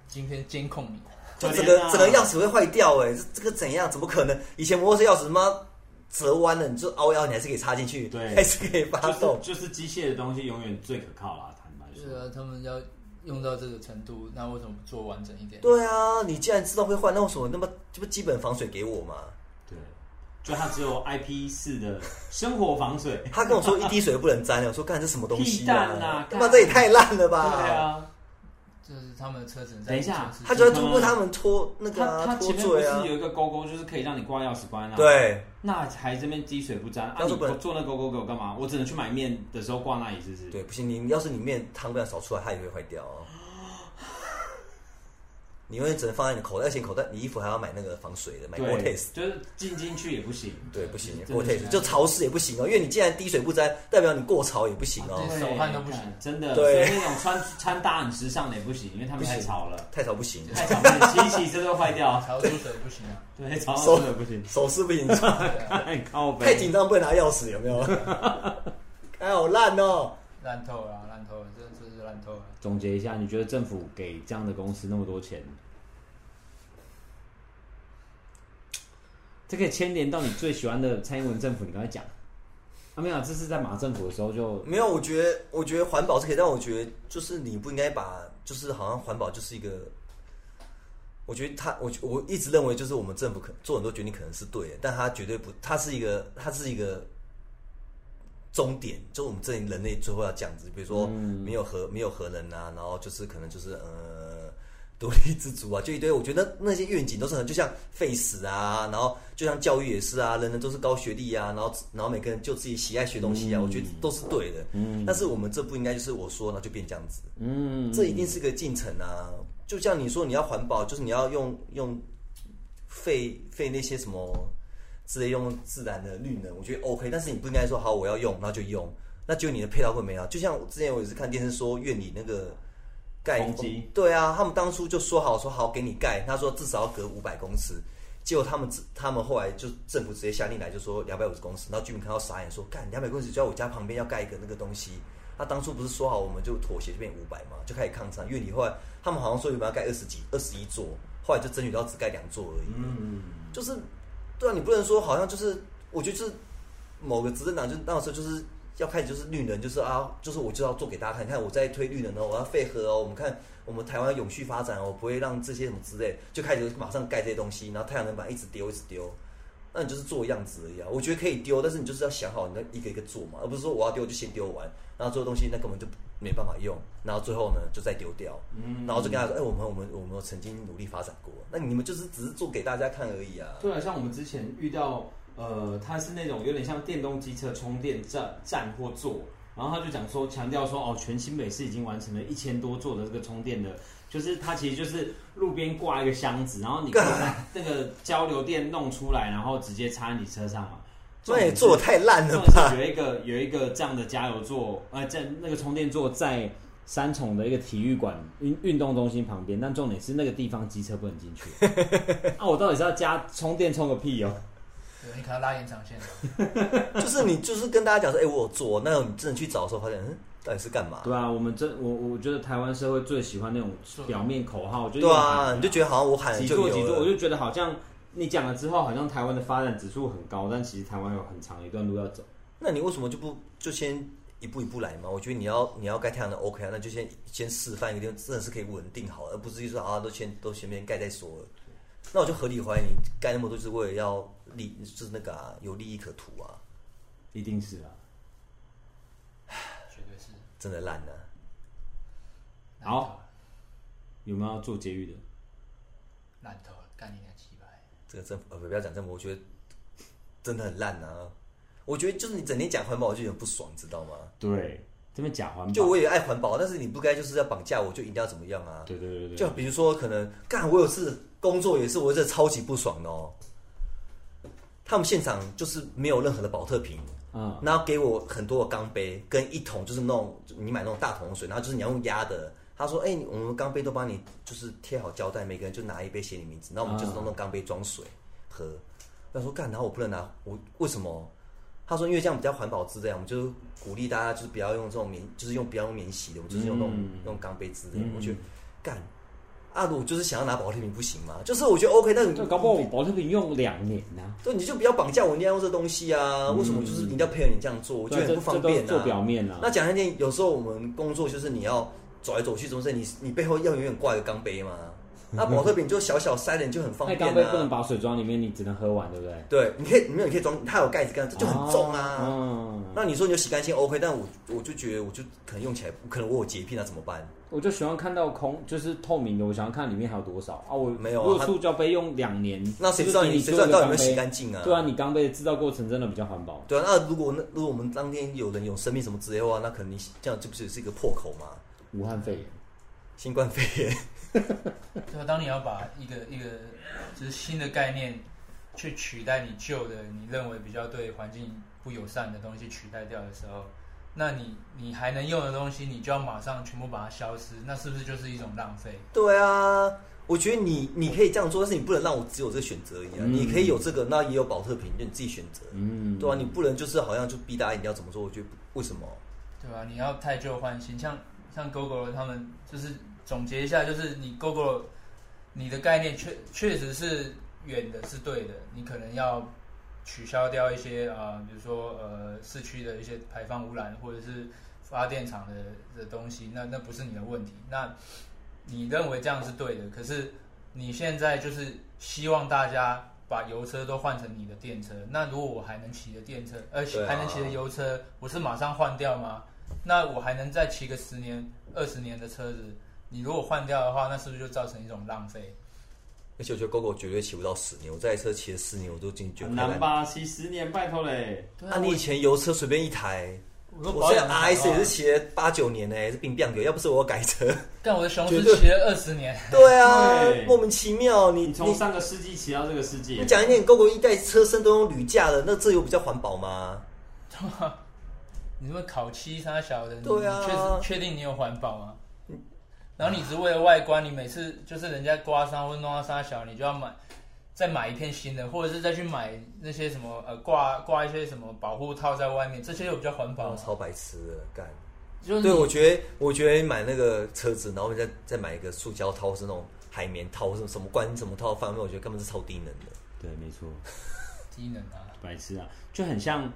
今天監控你，就整個整個鑰匙會壞掉、欸？哎，這這個怎樣？怎麼可能？以前摩托車鑰匙他媽折彎了，你就凹腰你還是可以插進去，對，還是可以發動。就是機、就是機械的東西永遠最可靠啊。對啊，他們要用到這個程度，那為什麼做完整一點？對啊，你既然知道會換，那為什麼那麼這不基本防水給我嗎？對，就它只有 IP 四的生活防水。 *laughs* 他跟我說一滴水都不能沾了，我說幹，這什麼東西啊？啊那麼這也太爛了吧？對啊。這是他們的車子在等一下，他就會通過他們拖那個、啊他。他前面不是有一個勾勾，就是可以讓你掛鑰匙關那、啊。對，那還這邊積水不沾。啊，你不做那勾勾給我幹嘛？嗯、我只能去買麵的時候掛那裡，是不是？對，不行，你要是你麵湯不要少出來，它也會壞掉、哦。你永遠只能放在你口袋，進口袋，你衣服還要買那個防水的，買 Gore-Tex，就是進進去也不行，對，不行 Gore-Tex，就潮濕也不行哦，因為你既然滴水不沾，代表你過潮也不行哦，手汗都不行，真的，對，那種穿穿搭很時尚的也不行，因為他們太潮了，太潮不行，太潮，洗洗這個都壞掉，潮濕水不行啊，對，潮的不行，手濕不行，太緊張不能拿鑰匙有沒有？哎，好爛哦，爛透了，爛透了，總結一下，你覺得政府給這樣的公司那麼多錢，這可以牽連到你最喜歡的蔡英文政府？你剛才講，啊、沒有、啊，這是在馬政府的時候就沒有。我覺得，我覺得環保是可以，但我覺得就是你不應該把，就是好像環保就是一個，我覺得他，我我一直認為就是我們政府可做很多決定可能是對的，但他絕對不，他是一個，他是一個。終點，就我們這人類最後要講，子比如說沒有核，嗯、沒有核能啊，然後就是可能就是呃獨立自主啊，就一堆。我覺得那，那些願景都是很，就像廢死啊，然後就像教育也是啊，人人都是高學歷啊，然後然後每個人就自己喜愛學東西啊，嗯、我覺得都是對的。嗯，但是我們這不應該就是我說那就變這樣子，嗯，這一定是個進程啊。就像你說你要環保，就是你要用用廢廢那些什麼。直接用自然的綠能，我覺得 OK，但是你不應該說，好我要用，然後就用，那就你的配套會沒了。就像我之前我也是看電視說，苑裡那個蓋機擊、哦，對啊，他們當初就說好說好給你蓋，他說至少要隔五百公尺，結果他們他們後來就政府直接下令來就說兩百五十公尺，然後居民看到傻眼說，幹兩百公尺就在我家旁邊要蓋一個那個東西，他、啊、當初不是說好我們就妥協就變五百嘛，就開始抗爭。苑裡後來他們好像說你有沒有要蓋二十幾二十一座，後來就爭取到只蓋兩座而已，嗯嗯，就是。對啊，你不能說好像就是，我覺得就是某個執政黨就那時候就是要開始就是綠能，就是啊，就是我就要做給大家看，看，看我在推綠能哦，我要廢核哦，我們看我們台灣要永續發展哦，不會讓這些什麼之類，就開始馬上蓋這些東西，然後太陽能板一直丟一直丟，那你就是做樣子而已啊。我覺得可以丟，但是你就是要想好，你要一個一個做嘛，而不是說我要丟就先丟完，然後做的東西那根本就不。沒辦法用，然後最後呢就再丟掉，嗯，然後就跟他說：“哎、欸，我們我們我們曾經努力發展過，那你們就是只是做給大家看而已啊。”對啊，像我們之前遇到，呃，他是那種有點像電動機車充電站站或座，然後他就講說，強調說哦，全新北市已經完成了一千多座的這個充電的，就是他其實就是路邊掛一個箱子，然後你看那個交流電弄出來，然後直接插你車上嘛。對，做的太爛了，是有一個有一個這樣的加油座， *laughs* 呃，在那個充電座在三重的一個體育館運運動中心旁邊，但重點是那個地方機車不能進去。 *laughs* 啊，我到底是要加充電充個屁哦、喔？對，你可要拉延長線， *laughs* 就是你就是跟大家講說，哎、欸，我有做，那你真的去找的時候發現，嗯，到底是幹嘛？對啊，我們這我我覺得台灣社會最喜歡那種表面口號，對啊，就就你就覺得好像我喊了就有了幾座幾座，我就覺得好像。你講了之後，好像台灣的發展指數很高，但其實台灣有很長一段路要走。那你為什麼就不就先一步一步來嘛？我覺得你要你要蓋太陽能 OK 啊，那就先先示範一個地方，真的是可以穩定好，而不至於說啊都先都先別蓋再說。對那我就合理懷疑，你蓋那麼多就是為了要利，就是那個、啊、有利益可圖啊？一定是啊，唉絕對是真的爛呢、啊。得好，有沒有要做節育的？爛頭。這個政府呃，不要講政府，我覺得真的很爛啊！我覺得就是你整天講環保，我就很不爽，知道嗎？對，真的假環保，就我也愛環保，但是你不該就是要綁架我，就一定要怎麼樣啊？對對對，對就比如說可能幹，我有次工作也是，我這超級不爽的哦。他們現場就是沒有任何的保特瓶嗯，然後給我很多的鋼杯跟一桶，就是那種你買那種大桶的水，然後就是你要用壓的。他說：“哎、欸，我們鋼杯都幫你就是貼好膠帶，每個人就拿一杯寫你名字。然後我們就是用那種鋼杯裝水，啊、喝。”他說：“幹，然後我不能拿，我為什麼？”他說：“因為這樣比較環保之類，我們就是鼓勵大家就是不要用這種免，就是用不要用免洗的，我們就是用那種、嗯、用鋼杯之類。”我覺得幹，啊，我就是想要拿保特瓶，不行嗎？就是我覺得 OK，那搞不好我保特瓶用兩年呢、啊。對，你就不要綁架我一定要用這東西啊？嗯、為什麼就是一定要配合你這樣做？嗯、我覺得很不方便啊。做表面啊。那講點有時候我們工作就是你要。走來走去是是，總是你你背後要永遠掛一個鋼杯嗎？ *laughs* 那寶特瓶就小小塞點就很方便鋼、啊、杯不能把水裝裡面，你只能喝完，對不對？對，你可以裡面可以裝，它有蓋子蓋子、啊、就很重啊。嗯、那你說你就洗乾淨 OK，但我我就覺得我就可能用起來，可能我有潔癖，那怎麼辦？我就喜歡看到空，就是透明的，我想要看裡面還有多少啊。我沒有啊，啊，塑膠杯用兩年，那誰知道你誰知道有沒有洗乾淨啊？對啊，你鋼杯的制造過程真的比較環保。對啊，那如果那如果我們當天有人有生病什麼之類的話，那肯定這樣就不是是一個破口嘛。武漢肺炎，新冠肺炎，所以，當你要把一個一個就是新的概念去取代你舊的，你認為比較對環境不友善的東西取代掉的時候，那你你還能用的東西，你就要馬上全部把它消失，那是不是就是一種浪費？對啊，我覺得你你可以這樣做，但是你不能讓我只有這個選擇一樣。嗯、你可以有這個，那也有寶特瓶，你就你自己選擇。嗯，嗯，嗯，對啊，你不能就是好像就逼大家一定要怎麼做。我覺得為什麼？對啊，你要汰舊換新，像。像 Gogoro 他們就是總結一下，就是你 Gogoro 你的概念確確實是遠的是對的，你可能要取消掉一些啊、呃，比如說呃市區的一些排放污染或者是發電廠的的東西，那那不是你的問題。那你認為這樣是對的？可是你現在就是希望大家把油車都換成你的電車。那如果我還能騎着電車，而且還能騎着油車，不是馬上換掉嗎？那我還能再騎個十年、二十年的車子？你如果換掉的話，那是不是就造成一種浪費？而且我覺得 GO GO 絕對騎不到十年，我這台車騎了十年，我都已經覺得很難吧，騎十年拜託嘞。那、啊、你以前油車隨便一台，我現在 R S 也是騎了八九年呢、欸，還是並並的，要不是我改車。但我的雄獅騎了二十年對。對啊，對，莫名其妙，你從上個世紀騎到這個世紀。你講一點 GOGO 一代車身都用鋁架的，那這有比較環保嗎？ *laughs* 你是，不是烤漆三小的，對啊、你確實確定你有環保嗎？然後你只是為了外觀，啊、你每次就是人家刮傷或弄到三小，你就要買再買一片新的，或者是再去買那些什麼呃掛掛一些什麼保護套在外面，這些又比較環保、啊。超白痴的幹，幹就是對，我覺得我覺得買那個車子，然後再再買一個塑膠套是那種海綿套，什麼什麼關什麼套，反正我覺得根本是超低能的。對，沒錯， *laughs* 低能啊，白痴啊，就很像。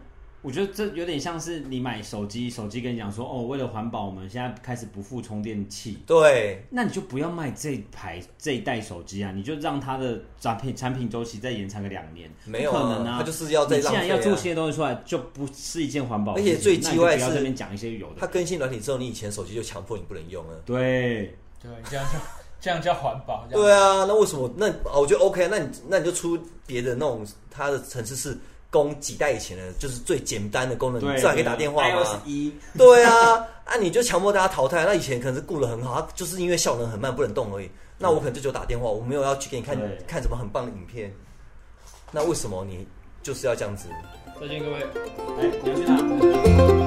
我覺得這有點像是你買手機，手機跟你講說：“哦，為了環保，我們現在開始不附充電器。”對，那你就不要賣這台這一代手機啊！你就讓它的產品產品周期再延長個兩年，沒有、啊、可能啊！它就是要再、啊、你現在要做新東西出來，就不是一件環保。而且最忌諱是，那，那邊講一些有的，它更新軟體之後，你以前手機就強迫你不能用了。對對，這樣叫這樣叫環保？對啊，那為什麼？那我覺得 OK，、啊、那你那你就出別的那種，它的層次是。工幾代以前的，就是最簡單的功能，對對對，你自然可以打電話嘛。E、對啊， *laughs* 啊，你就強迫大家淘汰。那以前可能是顧得很好，它就是因為效能很慢，不能動而已。嗯、那我可能就就打電話，我沒有要去給你看，對看什麼很棒的影片。那為什麼你就是要這樣子？再見各位，哎、欸，